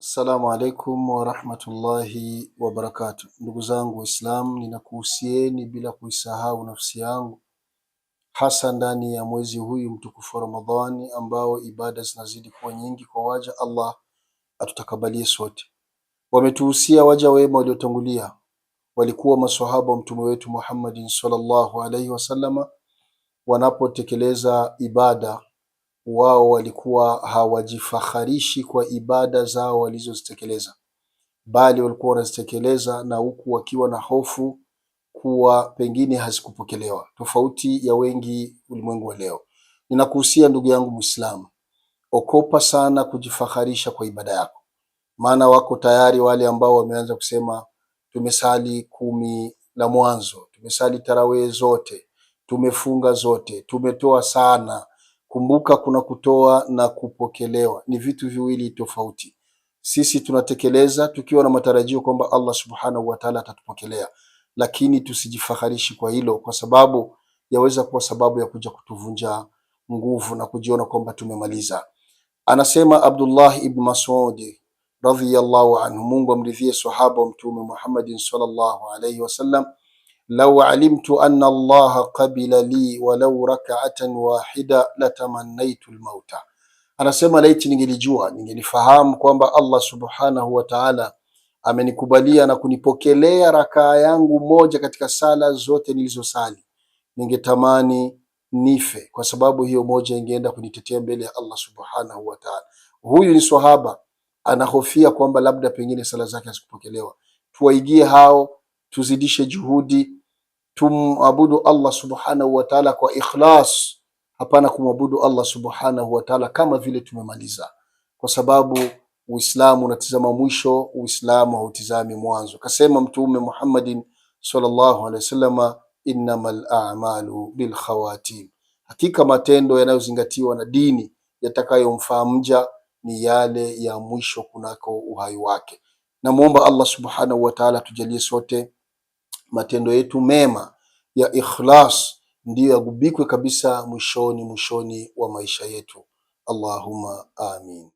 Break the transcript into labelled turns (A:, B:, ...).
A: Assalamu alaikum warahmatullahi wabarakatu Ndugu zangu Waislamu, ninakuhusieni bila kuisahau nafsi yangu, hasa ndani ya mwezi huyu mtukufu wa Ramadhani ambao ibada zinazidi kuwa nyingi kwa waja. Allah atutakabalie sote. Wametuhusia waja wema waliotangulia, walikuwa maswahaba wa mtume wetu Muhammadin sallallahu alaihi wasallama, wanapotekeleza ibada wao walikuwa hawajifaharishi kwa ibada zao walizozitekeleza, bali walikuwa wanazitekeleza na huku wakiwa na hofu kuwa pengine hazikupokelewa, tofauti ya wengi ulimwengu wa leo. Ninakuhusia ndugu yangu Muislamu, okopa sana kujifaharisha kwa ibada yako, maana wako tayari wale ambao wameanza kusema tumesali kumi la mwanzo, tumesali tarawee zote, tumefunga zote, tumetoa sana Kumbuka kuna kutoa na kupokelewa ni vitu viwili tofauti. Sisi tunatekeleza tukiwa na matarajio kwamba Allah subhanahu wa ta'ala atatupokelea, lakini tusijifaharishi kwa hilo, kwa sababu yaweza kuwa sababu ya kuja kutuvunja nguvu na kujiona kwamba tumemaliza. Anasema Abdullah ibn Mas'ud radhiyallahu anhu, Mungu amridhie, sahaba wa Mtume Muhammadin sallallahu alayhi wasallam lau alimtu anna allaha qabila li walau rak'atan wahida latamannaitu lmauta. Anasema laiti ningelijua, ningelifahamu kwamba Allah subhanahu wa ta'ala amenikubalia na kunipokelea rakaa yangu moja katika sala zote nilizosali, ningetamani nife, kwa sababu hiyo moja ingeenda kunitetea mbele ya Allah subhanahu wa ta'ala. Huyu ni swahaba anahofia kwamba labda pengine sala zake hazikupokelewa. Tuwaigie hao, tuzidishe juhudi tumwabudu Allah subhanahu wa ta'ala kwa ikhlas, hapana kumwabudu Allah subhanahu wa ta'ala kama vile tumemaliza, kwa sababu Uislamu unatizama mwisho, Uislamu hautizami mwanzo. Kasema Mtume Muhammadin sallallahu alaihi wasallam, innamal a'malu bil khawatim, hakika matendo yanayozingatiwa na dini yatakayomfaa mja ni yale ya mwisho kunako uhai wake. Namuomba Allah subhanahu wa ta'ala tujalie sote matendo yetu mema ya ikhlas ndiyo yagubikwe kabisa mwishoni mwishoni wa maisha yetu. Allahumma amin.